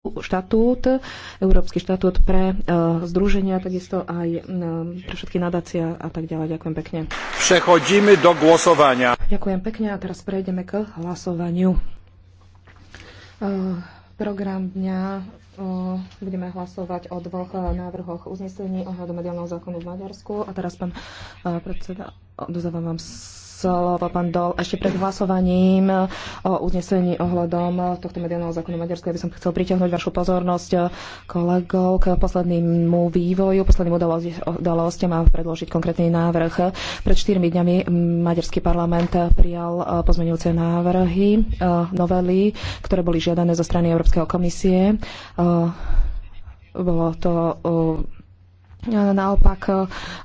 štatút, Európsky štatút pre e, združenia, takisto aj e, pre všetky nadácia a tak ďalej. Ďakujem pekne. Prechodíme do hlasovania. Ďakujem pekne a teraz prejdeme k hlasovaniu. E, program dňa e, budeme hlasovať o dvoch e, návrhoch uznesení ohľadom mediálneho zákonu v Maďarsku. A teraz, pán e, predseda, dozávam vám slovo pán Dol. Ešte pred hlasovaním eh, o uznesení ohľadom eh, tohto mediálneho zákona Maďarska by som chcel pritiahnuť vašu pozornosť eh, kolegov k poslednému vývoju, posledným udalostiam a predložiť konkrétny návrh. Pred 4 dňami mm, Maďarský parlament prijal pozmeňujúce návrhy, novely, ktoré boli žiadané zo strany Európskeho komisie. Bolo to naopak e,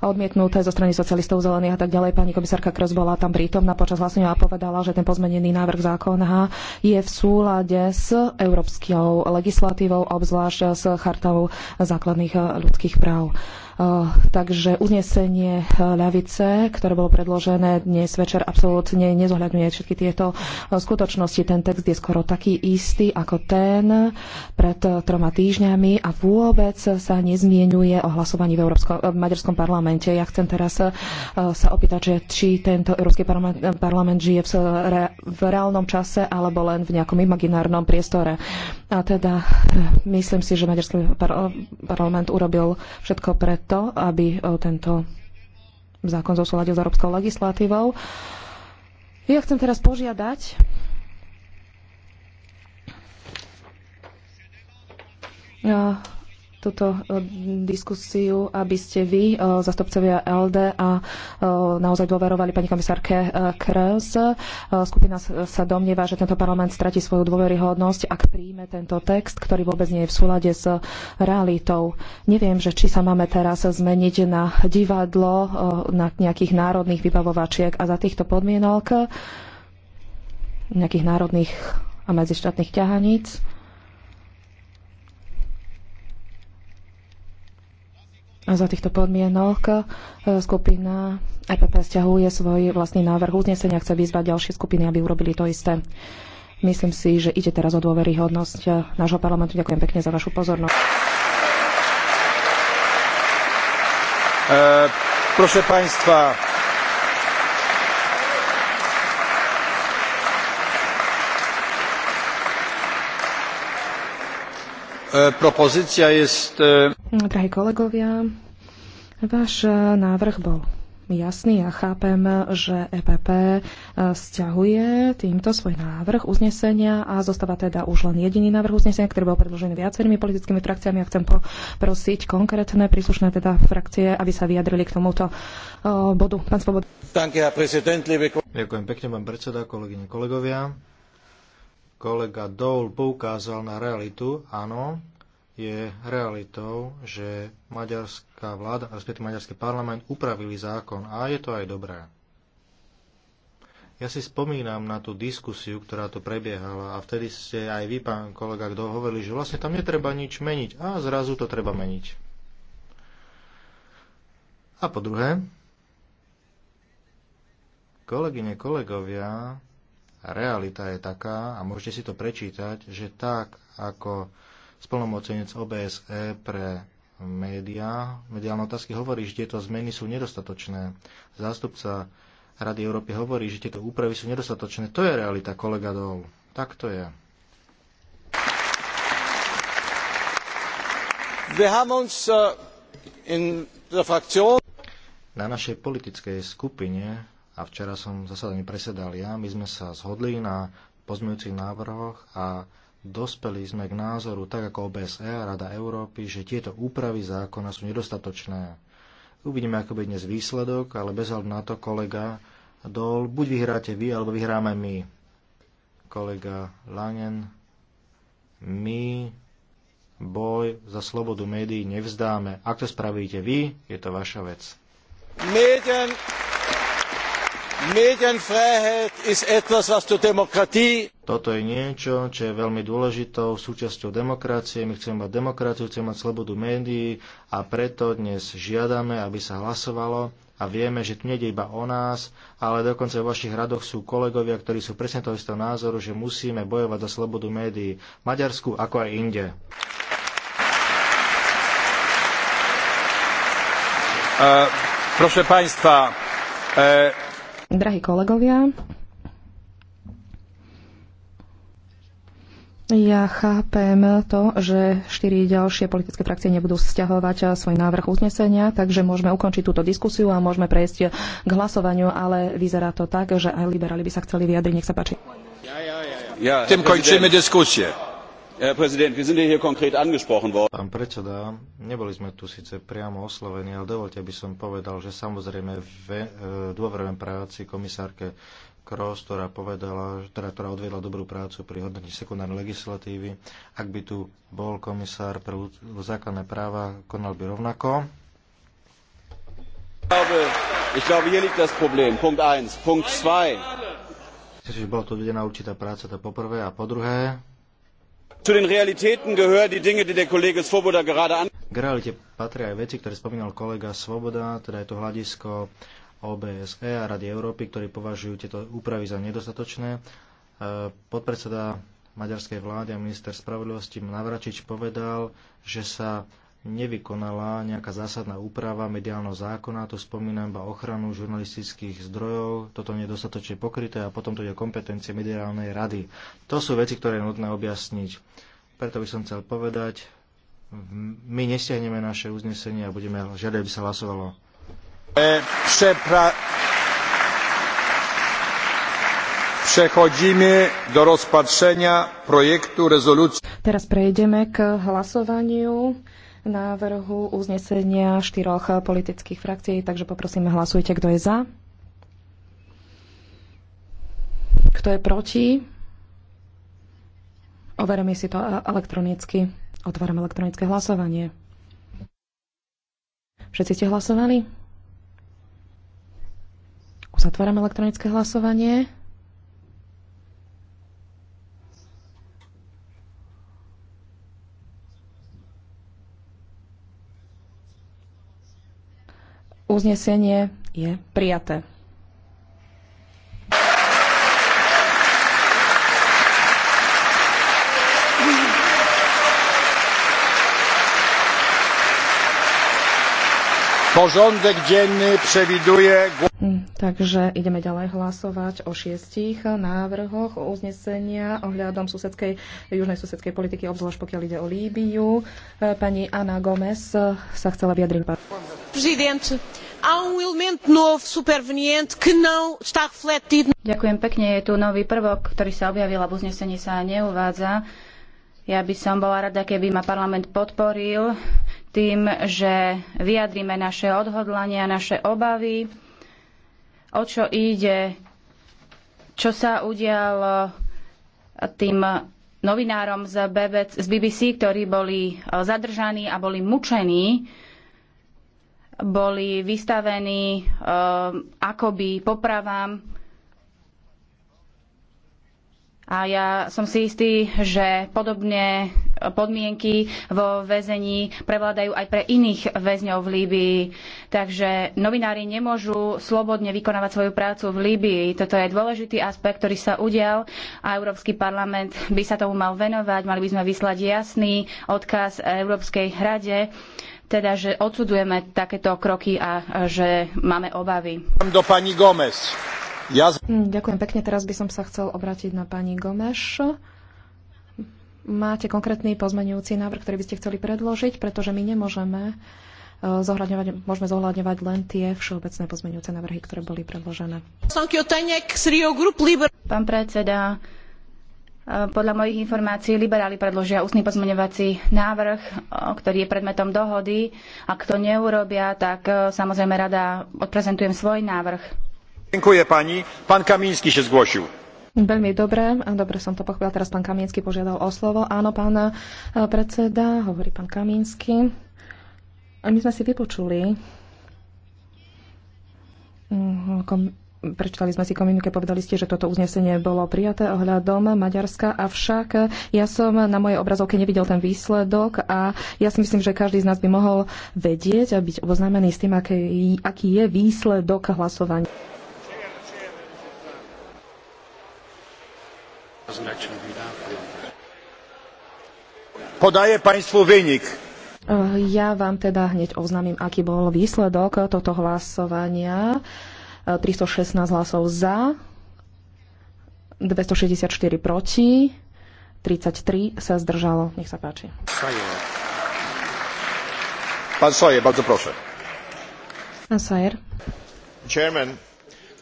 odmietnuté zo strany socialistov, zelených a tak ďalej. Pani komisárka Kros bola tam prítomná počas hlasenia a povedala, že ten pozmenený návrh zákona je v súlade s európskou legislatívou, obzvlášť s chartou základných ľudských práv. Eh, takže uznesenie eh, ľavice, ktoré bolo predložené dnes večer, absolútne nezohľadňuje všetky tieto eh, skutočnosti. Ten text je skoro taký istý ako ten pred troma týždňami a vôbec sa nezmienuje o hlasovaní v, Európsko- v Maďarskom parlamente. Ja chcem teraz sa opýtať, že či tento Európsky parlament, parlament žije v, re- v reálnom čase alebo len v nejakom imaginárnom priestore. A teda myslím si, že Maďarský parlament urobil všetko pred to, aby e, tento zákon zosúladil s európskou legislatívou. Ja chcem teraz požiadať uh, túto e, diskusiu, aby ste vy, e, zastupcovia LD, a e, naozaj dôverovali pani komisárke Kres. Skupina sa domnieva, že tento parlament stratí svoju dôveryhodnosť, ak príjme tento text, ktorý vôbec nie je v súlade s realitou. Neviem, že či sa máme teraz zmeniť na divadlo, na nejakých národných vybavovačiek a za týchto podmienok nejakých národných a medzištátnych ťahaníc za týchto podmienok e, skupina EPP stiahuje svoj vlastný návrh uznesenia, chce vyzvať ďalšie skupiny, aby urobili to isté. Myslím si, že ide teraz o dôveryhodnosť e, nášho parlamentu. Ďakujem pekne za vašu pozornosť. E, proszę Państwa, E, jest... E, Drahí kolegovia, váš e, návrh bol jasný. Ja chápem, že EPP stiahuje týmto svoj návrh uznesenia a zostáva teda už len jediný návrh uznesenia, ktorý bol predložený viacerými politickými frakciami. Ja chcem poprosiť konkrétne príslušné teda frakcie, aby sa vyjadrili k tomuto bodu. Pán Svoboda. Ďakujem pekne, pán predseda, kolegyne, kolegovia kolega Dole poukázal na realitu, áno, je realitou, že maďarská vláda, respektíve maďarský parlament upravili zákon a je to aj dobré. Ja si spomínam na tú diskusiu, ktorá tu prebiehala a vtedy ste aj vy, pán kolega, kto hovorili, že vlastne tam netreba nič meniť a zrazu to treba meniť. A po druhé, kolegyne, kolegovia, realita je taká, a môžete si to prečítať, že tak ako spolnomocenec OBSE pre médiá, mediálne otázky hovorí, že tieto zmeny sú nedostatočné. Zástupca Rady Európy hovorí, že tieto úpravy sú nedostatočné. To je realita, kolega Dol. Tak to je. Äh, Na našej politickej skupine a včera som zasadaní presedal ja, my sme sa zhodli na pozmeňujúcich návrhoch a dospeli sme k názoru, tak ako OBSE a Rada Európy, že tieto úpravy zákona sú nedostatočné. Uvidíme, ako bude dnes výsledok, ale bez hľadu na to, kolega Dol, buď vyhráte vy, alebo vyhráme my. Kolega Langen, my boj za slobodu médií nevzdáme. Ak to spravíte vy, je to vaša vec. Medien. Toto je niečo, čo je veľmi dôležitou súčasťou demokracie. My chceme mať demokraciu, chceme mať slobodu médií a preto dnes žiadame, aby sa hlasovalo a vieme, že tu nejde iba o nás, ale dokonca v vašich radoch sú kolegovia, ktorí sú presne toho istého názoru, že musíme bojovať za slobodu médií v Maďarsku ako aj inde. Uh, proszę Państwa, uh... Drahí kolegovia, ja chápem to, že štyri ďalšie politické frakcie nebudú stiahovať svoj návrh uznesenia, takže môžeme ukončiť túto diskusiu a môžeme prejsť k hlasovaniu, ale vyzerá to tak, že aj liberáli by sa chceli vyjadriť. Nech sa páči. Ja, ja, ja, ja. Tým končíme diskusie. Pán predseda, neboli sme tu síce priamo oslovení, ale dovolte, aby som povedal, že samozrejme e, dôverujem práci komisárke Kroos, ktorá povedala, teda, ktorá odviedla dobrú prácu pri hodnotení sekundárnej legislatívy. Ak by tu bol komisár pre základné práva, konal by rovnako. Ich glaube, hier liegt das Problem. Punkt 1. Punkt 2. Čiže bola tu odvedená určitá práca, to poprvé. A po druhé, Zu den Realitäten gehören die Dinge, die der Kollege Svoboda gerade an. K realite patria aj veci, ktoré spomínal kolega Svoboda, teda je to hľadisko OBSE a Rady Európy, ktorí považujú tieto úpravy za nedostatočné. E, podpredseda maďarskej vlády a minister spravodlivosti Navračič povedal, že sa nevykonala nejaká zásadná úprava mediálneho zákona, tu spomínam iba ochranu žurnalistických zdrojov, toto nie je dostatočne pokryté a potom tu je kompetencie mediálnej rady. To sú veci, ktoré je nutné objasniť. Preto by som chcel povedať, my nestiahneme naše uznesenie a budeme žiadať, aby sa hlasovalo. Přepra... Przechodzimy do rozpatrzenia projektu rezolucji. Teraz prejdeme k hlasovaniu návrhu uznesenia štyroch politických frakcií, takže poprosíme, hlasujte, kto je za. Kto je proti? Overíme si to elektronicky. Otváram elektronické hlasovanie. Všetci ste hlasovali? Uzatváram elektronické hlasovanie. Uznesenie je prijaté. Porządek denný previduje... Hm, takže ideme ďalej hlasovať o šiestich návrhoch uznesenia ohľadom susedskej, južnej susedskej politiky, obzvlášť pokiaľ ide o Líbiu. E, pani Ana Gomez sa chcela vyjadriť. Prezident, há um elemento novo superveniente que não está refletido. Ďakujem pekne, je tu nový prvok, ktorý sa objavil a v uznesení sa neuvádza. Ja by som bola rada, keby ma parlament podporil tým, že vyjadríme naše odhodlania, naše obavy, o čo ide, čo sa udialo tým novinárom z, BBC, ktorí boli eh, zadržaní a boli mučení boli vystavení eh, akoby popravám. A ja som si istý, že podobne podmienky vo väzení prevládajú aj pre iných väzňov v Líbii. Takže novinári nemôžu slobodne vykonávať svoju prácu v Líbii. Toto je dôležitý aspekt, ktorý sa udial a Európsky parlament by sa tomu mal venovať. Mali by sme vyslať jasný odkaz Európskej rade, teda, že odsudzujeme takéto kroky a že máme obavy. Do pani Gomez. Ja... Hm, ďakujem pekne. Teraz by som sa chcel obrátiť na pani Gomeš. Máte konkrétny pozmenujúci návrh, ktorý by ste chceli predložiť, pretože my nemôžeme e, zohľadňovať, môžeme zohľadňovať len tie všeobecné pozmenujúce návrhy, ktoré boli predložené. Pán predseda, podľa mojich informácií liberáli predložia ústny pozmeňovací návrh, ktorý je predmetom dohody. Ak to neurobia, tak e, samozrejme rada odprezentujem svoj návrh. Ďakujem pani. Pán Kamínsky sa Veľmi dobre, dobre som to pochopila. Teraz pán Kamínsky požiadal o slovo. Áno, pán e, predseda, hovorí pán Kamínsky. My sme si vypočuli mhm, prečítali sme si komunike, povedali ste, že toto uznesenie bolo prijaté ohľadom Maďarska, avšak ja som na mojej obrazovke nevidel ten výsledok a ja si myslím, že každý z nás by mohol vedieť a byť oboznámený s tým, aký, aký je výsledok hlasovania. Podaje państwu wynik. Ja vám teda hneď oznámim, aký bol výsledok toto hlasovania. 316 hlasov za, 264 proti, 33 sa zdržalo. Nech sa páči. Pán Sajer, bardzo proszę. Pán Sajer. Chairman,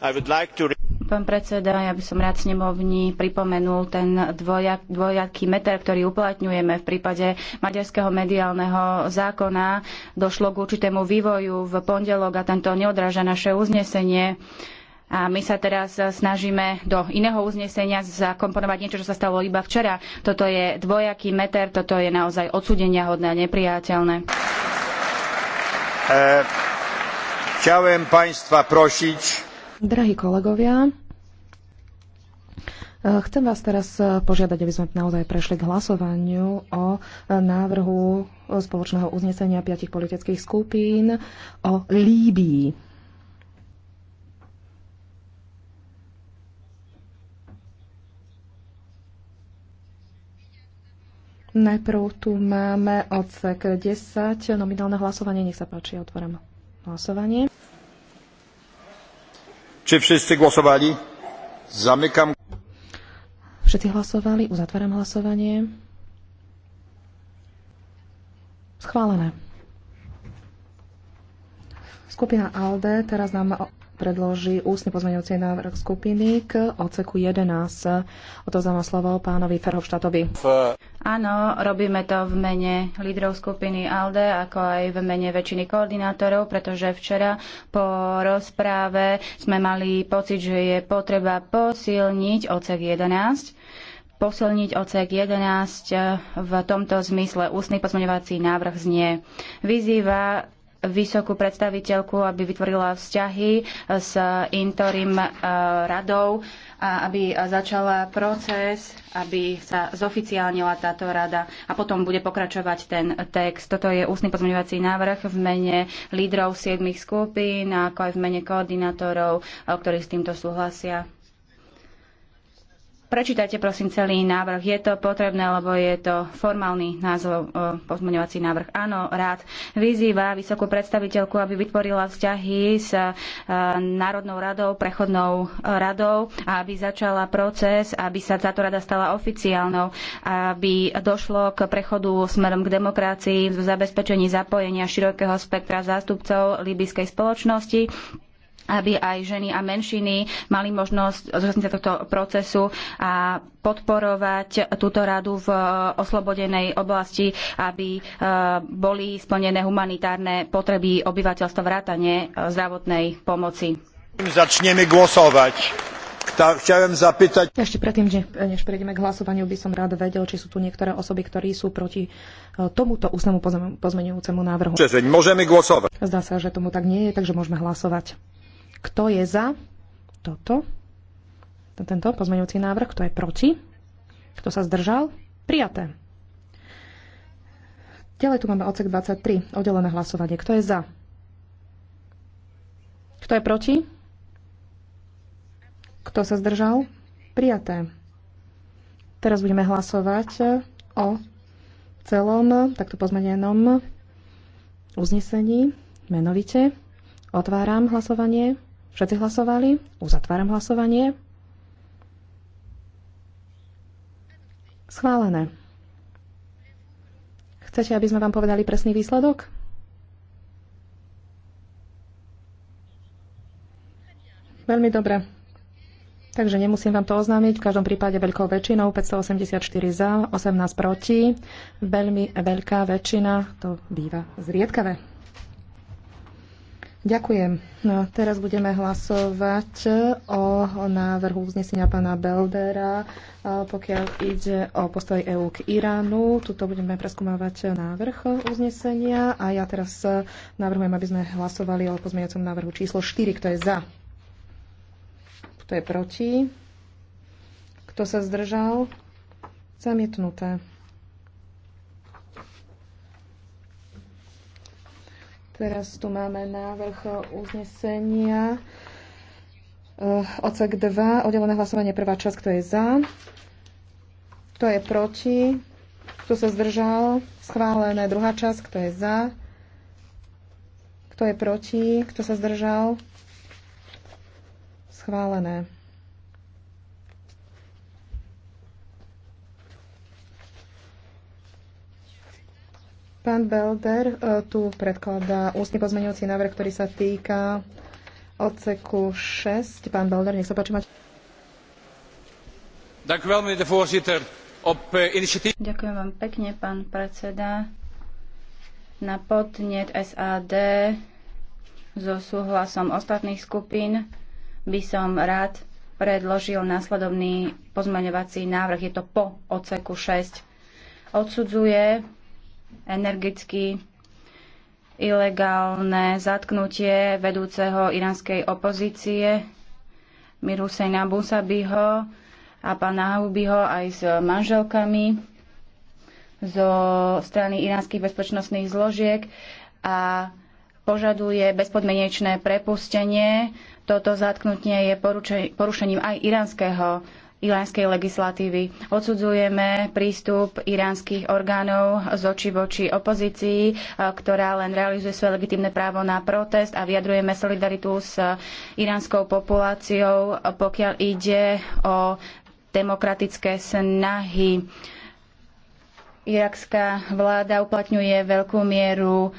I would like to... Pán predseda, ja by som rád snemovni pripomenul ten dvojak, dvojaký meter, ktorý uplatňujeme v prípade maďarského mediálneho zákona. Došlo k určitému vývoju v pondelok a tento neodráža naše uznesenie. A my sa teraz snažíme do iného uznesenia zakomponovať niečo, čo sa stalo iba včera. Toto je dvojaký meter, toto je naozaj odsudenia hodné a nepriateľné. E, chciałem Państwa prosić, Drahí kolegovia, eh, chcem vás teraz eh, požiadať, aby sme naozaj prešli k hlasovaniu o eh, návrhu spoločného uznesenia piatich politických skupín o Líbii. Najprv tu máme odsek 10, nominálne hlasovanie. Nech sa páči, otvorím hlasovanie. Czy wszyscy głosowali? Zamykam. Wszyscy głosowali, uzatwaram hlasovanie. Schwalone. Skupina ALDE teraz nam predloží ústny pozmeňujúci návrh skupiny k oceku 11. Odovzdávam slovo pánovi Ferhovštátovi. Áno, robíme to v mene lídrov skupiny ALDE, ako aj v mene väčšiny koordinátorov, pretože včera po rozpráve sme mali pocit, že je potreba posilniť ocek 11 posilniť ocek 11 eh, v tomto zmysle. Ústny pozmeňovací návrh znie. Vyzýva vysokú predstaviteľku, aby vytvorila vzťahy s interim e, radou a aby začala proces, aby sa zoficiálnila táto rada a potom bude pokračovať ten text. Toto je ústny pozmeňovací návrh v mene lídrov siedmých skupín, ako aj v mene koordinátorov, ktorí s týmto súhlasia. Prečítajte prosím celý návrh. Je to potrebné, lebo je to formálny názov, e, pozmeňovací návrh. Áno, rád vyzýva vysokú predstaviteľku, aby vytvorila vzťahy s e, Národnou radou, prechodnou radou a aby začala proces, aby sa táto rada stala oficiálnou, aby došlo k prechodu smerom k demokracii v zabezpečení zapojenia širokého spektra zástupcov libyskej spoločnosti aby aj ženy a menšiny mali možnosť zúčastniť sa tohto procesu a podporovať túto radu v oslobodenej oblasti, aby e, boli splnené humanitárne potreby obyvateľstva vrátane e, zdravotnej pomoci. Začneme głosovať. Chciałem Ešte predtým, než prejdeme k hlasovaniu, by som rád vedel, či sú tu niektoré osoby, ktorí sú proti e, tomuto ústnemu pozmeňujúcemu návrhu. Môžeme glosovať. Zdá sa, že tomu tak nie je, takže môžeme hlasovať. Kto je za toto? Tento pozmeňujúci návrh. Kto je proti? Kto sa zdržal? Prijaté. Ďalej tu máme odsek 23, oddelené hlasovanie. Kto je za? Kto je proti? Kto sa zdržal? Prijaté. Teraz budeme hlasovať e, o celom takto pozmenenom uznesení menovite. Otváram hlasovanie. Všetci hlasovali? Uzatváram hlasovanie. Schválené. Chcete, aby sme vám povedali presný výsledok? Veľmi dobre. Takže nemusím vám to oznámiť. V každom prípade veľkou väčšinou 584 za, 18 proti. Veľmi veľká väčšina to býva zriedkavé. Ďakujem. No, teraz budeme hlasovať o, návrhu uznesenia pána Beldera, pokiaľ ide o postoj EÚ k Iránu. Tuto budeme preskúmavať návrh uznesenia a ja teraz navrhujem, aby sme hlasovali o pozmeňujúcom návrhu číslo 4. Kto je za? Kto je proti? Kto sa zdržal? Zamietnuté. Teraz tu máme návrh uznesenia eh, ocek 2, oddelené hlasovanie, prvá časť, kto je za, kto je proti, kto sa zdržal, schválené, druhá časť, kto je za, kto je proti, kto sa zdržal, schválené. Pán Belder e, tu predkladá ústny pozmeňujúci návrh, ktorý sa týka odseku 6. Pán Belder, nech sa páči mať. Eh, Ďakujem vám pekne, pán predseda. Na podnet SAD so súhlasom ostatných skupín by som rád predložil následovný pozmeňovací návrh. Je to po odseku 6. Odsudzuje energicky ilegálne zatknutie vedúceho iránskej opozície Mirusejna Busabiho a pána Haubiho aj s manželkami zo strany iránskych bezpečnostných zložiek a požaduje bezpodmienečné prepustenie. Toto zatknutie je porušením aj iránskeho iránskej legislatívy. Odsudzujeme prístup iránskych orgánov z oči voči opozícii, e, ktorá len realizuje svoje legitimné právo na protest a vyjadrujeme solidaritu s iránskou populáciou, pokiaľ ide o demokratické snahy. Irakská vláda uplatňuje veľkú mieru e,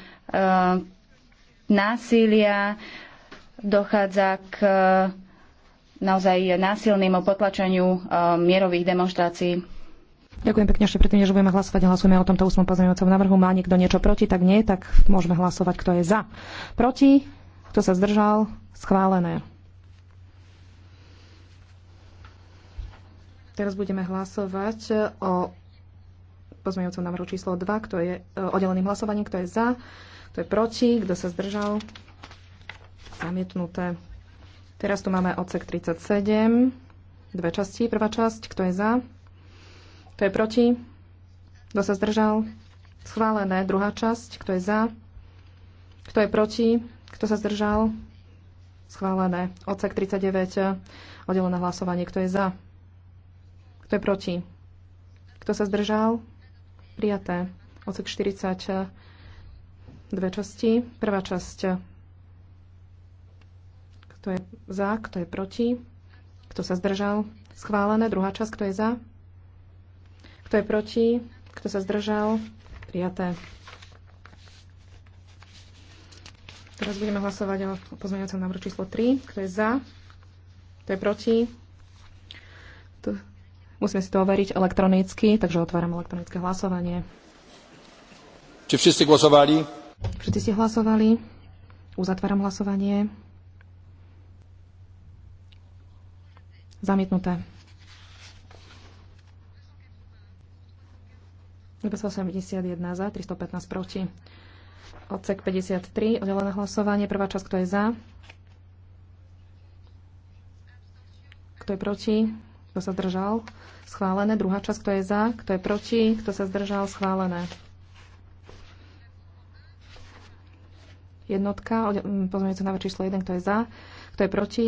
násilia, dochádza k naozaj násilnému potlačeniu um, mierových demonstrácií. Ďakujem pekne ešte predtým, než budeme hlasovať. Hlasujeme o tomto 8. pozmeňovacom návrhu. Má niekto niečo proti? Tak nie, tak môžeme hlasovať, kto je za. Proti? Kto sa zdržal? Schválené. Teraz budeme hlasovať o pozmeňujúcom návrhu číslo 2, kto je e, oddeleným hlasovaním, kto je za, kto je proti, kto sa zdržal. Zamietnuté. Teraz tu máme odsek 37, dve časti. Prvá časť, kto je za, kto je proti, kto sa zdržal, schválené. Druhá časť, kto je za, kto je proti, kto sa zdržal, schválené. Odsek 39, oddelené hlasovanie, kto je za, kto je proti, kto sa zdržal, prijaté. Odsek 40, dve časti. Prvá časť kto je za, kto je proti? Kto sa zdržal? Schválené. Druhá časť, kto je za? Kto je proti? Kto sa zdržal? Prijaté. Teraz budeme hlasovať o pozmeňovacom návrhu číslo 3. Kto je za? Kto je proti? Tu. Musíme si to overiť elektronicky, takže otváram elektronické hlasovanie. Či všetci hlasovali? Všetci ste hlasovali. Uzatváram hlasovanie. Zamietnuté. 81 za, 315 proti. Odsek 53, oddelené hlasovanie. Prvá časť, kto je za? Kto je proti? Kto sa zdržal? Schválené. Druhá časť, kto je za? Kto je proti? Kto sa zdržal? Schválené. Jednotka, pozmeňujúce na číslo 1, kto je za? Kto je proti?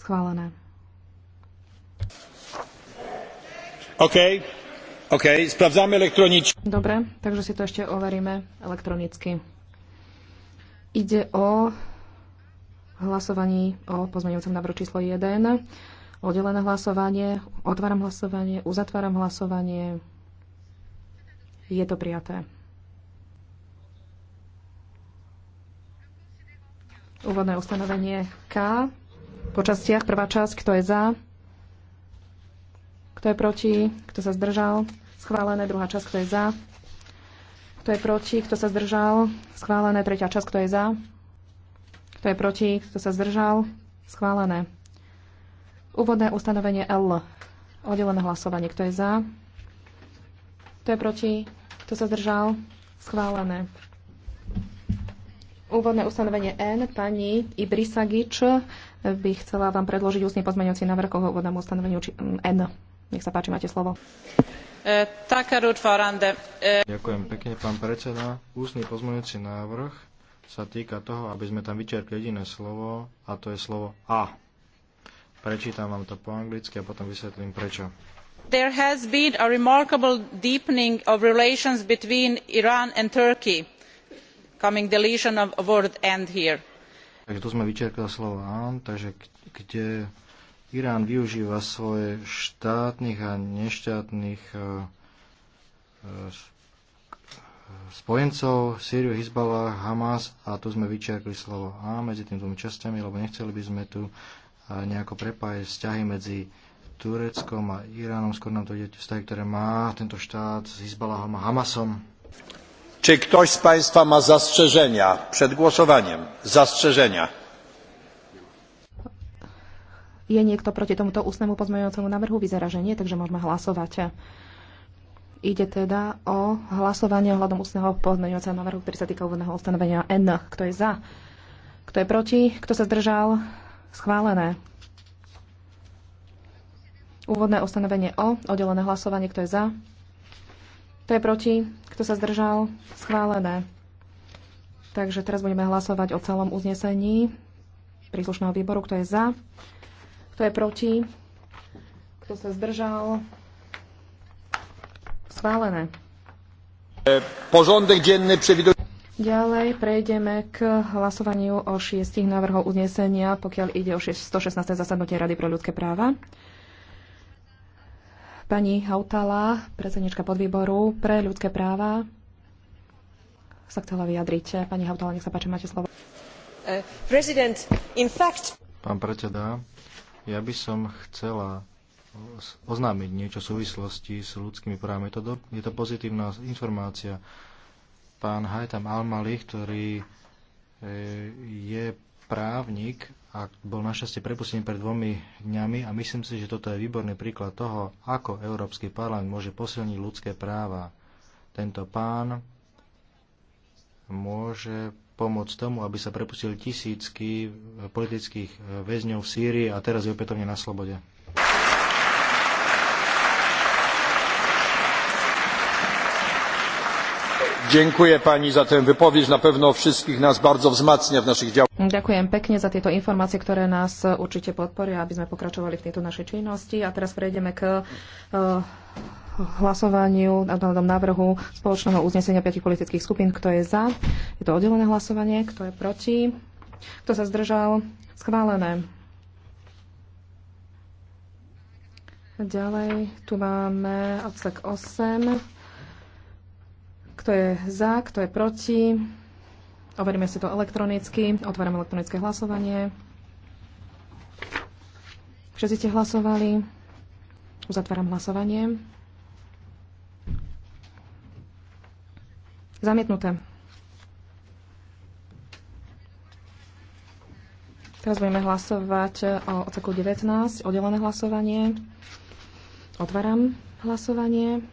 Schválené. OK. OK, spravzáme elektronicznie. Dobre, takže si to ešte overíme elektronicky. Ide o hlasovaní o pozmeňujúcom návrhu číslo 1. Oddelené hlasovanie. Otváram hlasovanie. Uzatváram hlasovanie. Je to prijaté. Úvodné ustanovenie K po častiach. Prvá časť, kto je za, kto je proti, kto sa zdržal, schválené. Druhá časť, kto je za, kto je proti, kto sa zdržal, schválené. Tretia časť, kto je za, kto je proti, kto sa zdržal, schválené. Úvodné ustanovenie L. Oddelené hlasovanie. Kto je za? Kto je proti? Kto sa zdržal? Schválené. Úvodné ustanovenie N, pani Ibrisagič by chcela vám predložiť ústne pozmeňujúci návrh o úvodnom ustanoveniu N. Nech sa páči, máte slovo. E, e, Ďakujem pekne, pán predseda. Ústny pozmeňujúci návrh sa týka toho, aby sme tam vyčerpli jediné slovo, a to je slovo A. Prečítam vám to po anglicky a potom vysvetlím prečo there has been a remarkable deepening of relations between iran and turkey coming deletion of word end here. Takže tu sme vyčerkali slovo an, takže kde Irán využíva svoje štátnych a neštátnych e, e, spojencov, Sýriu, Hizbala, Hamas a tu sme vyčerkli slovo A medzi tým dvomi časťami, lebo nechceli by sme tu e, nejako prepájať vzťahy medzi Tureckom a Iránom, skôr nám to ide vzťahy, ktoré má tento štát s Hizbalahom a Hamasom. Czy ktoś z Państwa ma zastrzeżenia przed głosowaniem? Zastrzeżenia. Je niekto proti tomuto ústnemu pozmeňujúcemu návrhu? Vyzerá, že nie, takže môžeme hlasovať. Ide teda o hlasovanie ohľadom ústneho pozmeňujúceho návrhu, ktorý sa týka úvodného ustanovenia N. Kto je za? Kto je proti? Kto sa zdržal? Schválené. Úvodné ustanovenie O. Oddelené hlasovanie. Kto je za? Kto je proti? Kto sa zdržal? Schválené. Takže teraz budeme hlasovať o celom uznesení príslušného výboru. Kto je za? Kto je proti? Kto sa zdržal? Schválené. E, Požondek denný previduje... Ďalej prejdeme k hlasovaniu o šiestich návrhov uznesenia, pokiaľ ide o 116. zasadnutie Rady pro ľudské práva. Pani Hautala, predsednička podvýboru pre ľudské práva, sa chcela vyjadriť. Pani Hautala, nech sa páči, máte slovo. Uh, Pán predseda, ja by som chcela oznámiť niečo v súvislosti s ľudskými právami. Je to, do, je to pozitívna informácia. Pán Hajtam Almali, ktorý eh, je právnik, a bol našťastie prepustený pred dvomi dňami a myslím si, že toto je výborný príklad toho, ako Európsky parlament môže posilniť ľudské práva. Tento pán môže pomôcť tomu, aby sa prepustili tisícky politických väzňov v Sýrii a teraz je opätovne na slobode. Dziękuję pani za tę wypowiedź. Na pewno wszystkich nas bardzo wzmacnia w naszych działaniach. Ďakujem pekne za tieto informácie, ktoré nás určite podporia, aby sme pokračovali v tejto czynności. činnosti. A teraz prejdeme k eh, hlasovaniu eh, na návrhu spoločného uznesenia piatich politických skupín. Kto je za? Je to oddelené hlasovanie. Kto je proti? Kto sa zdržal? Schválené. Ďalej tu máme odsek 8 kto je za, kto je proti? Overíme si to elektronicky. Otváram elektronické hlasovanie. Všetci ste hlasovali. Uzatváram hlasovanie. Zamietnuté. Teraz budeme hlasovať o odseku 19, oddelené hlasovanie. Otváram hlasovanie.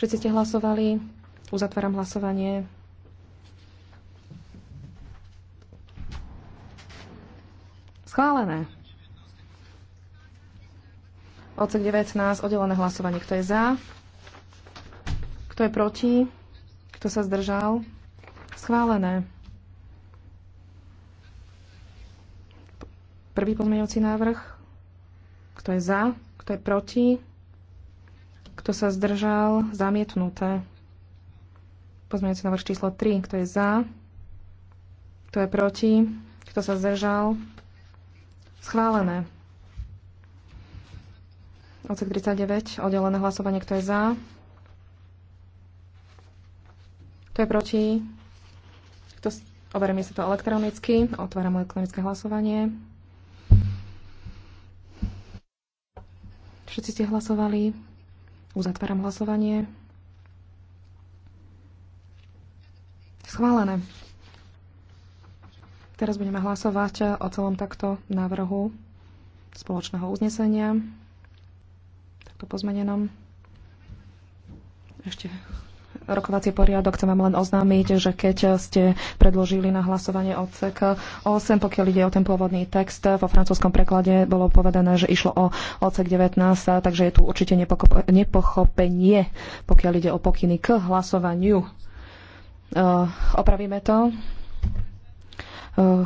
Všetci ste hlasovali. Uzatváram hlasovanie. Schválené. Odsek 19, oddelené hlasovanie. Kto je za? Kto je proti? Kto sa zdržal? Schválené. Prvý pozmeňujúci návrh. Kto je za? Kto je proti? Kto sa zdržal? Zamietnuté. Pozmeňujúci návrh číslo 3. Kto je za? Kto je proti? Kto sa zdržal? Schválené. Odsek 39. Oddelené hlasovanie. Kto je za? Kto je proti? Kto... Overím si to elektronicky. Otváram elektronické hlasovanie. Všetci ste hlasovali. Uzatváram hlasovanie. Schválené. Teraz budeme hlasovať o celom takto návrhu spoločného uznesenia, takto pozmenenom. Ešte rokovací poriadok chcem vám len oznámiť, že keď ste predložili na hlasovanie odsek 8, pokiaľ ide o ten pôvodný text, vo francúzskom preklade bolo povedané, že išlo o odsek 19, takže je tu určite nepochopenie, pokiaľ ide o pokyny k hlasovaniu Eh, opravíme to. Eh,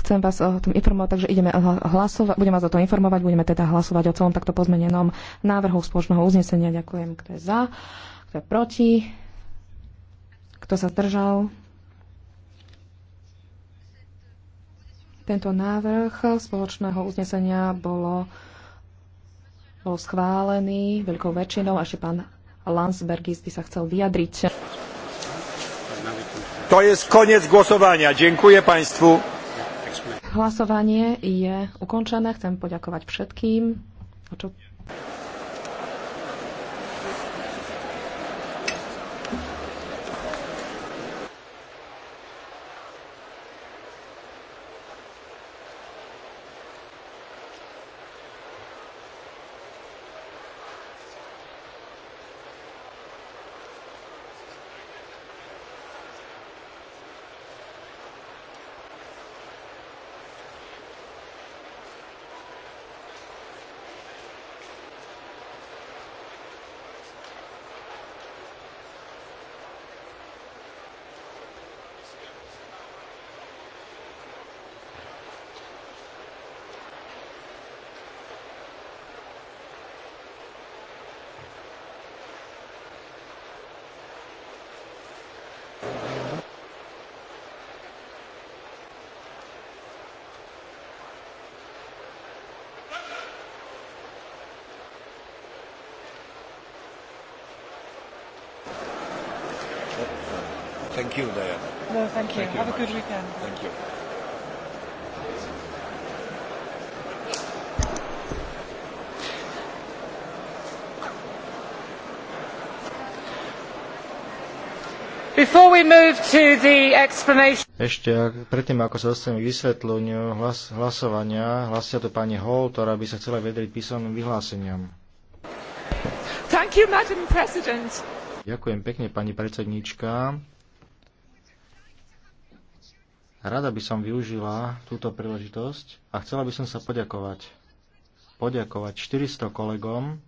chcem vás o tom informovať, takže ideme hlasovať, budeme vás o tom informovať, budeme teda hlasovať o celom takto pozmenenom návrhu spoločného uznesenia. Ďakujem, kto je za, kto je proti, kto sa zdržal. Tento návrh spoločného uznesenia bolo, bol schválený veľkou väčšinou. Ešte pán Landsbergis by sa chcel vyjadriť. To jest koniec głosowania. Dziękuję Państwu. Hlasovanie je ukončené. Chcem poďakovať všetkým. Thank you, Diana. No, thank, you. Thank you Have a good weekend. Thank you. Ešte predtým, ako sa dostaneme k vysvetleniu hlas, hlasovania, hlasia tu pani Hall, ktorá by sa chcela vedriť písomným vyhláseniam. You, Ďakujem pekne, pani predsednička. Rada by som využila túto príležitosť a chcela by som sa poďakovať. Poďakovať 400 kolegom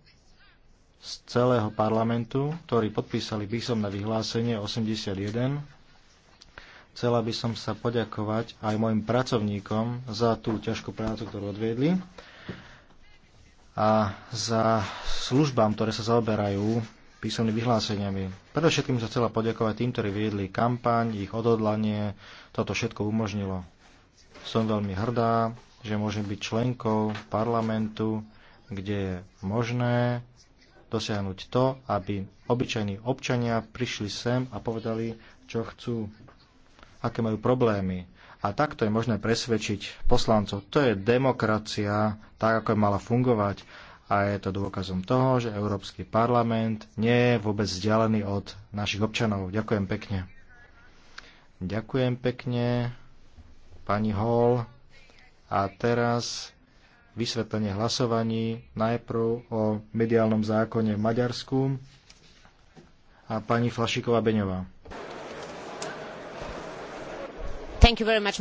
z celého parlamentu, ktorí podpísali písomné vyhlásenie 81. Chcela by som sa poďakovať aj mojim pracovníkom za tú ťažkú prácu, ktorú odviedli a za službám, ktoré sa zaoberajú písomnými vyhláseniami. Predovšetkým sa chcela poďakovať tým, ktorí viedli kampaň, ich odhodlanie, toto všetko umožnilo. Som veľmi hrdá, že môžem byť členkou parlamentu, kde je možné dosiahnuť to, aby obyčajní občania prišli sem a povedali, čo chcú, aké majú problémy. A takto je možné presvedčiť poslancov. To je demokracia, tak ako je mala fungovať a je to dôkazom toho, že Európsky parlament nie je vôbec vzdialený od našich občanov. Ďakujem pekne. Ďakujem pekne, pani Hall. A teraz vysvetlenie hlasovaní najprv o mediálnom zákone v Maďarsku a pani Flašiková Beňová. Thank you very much.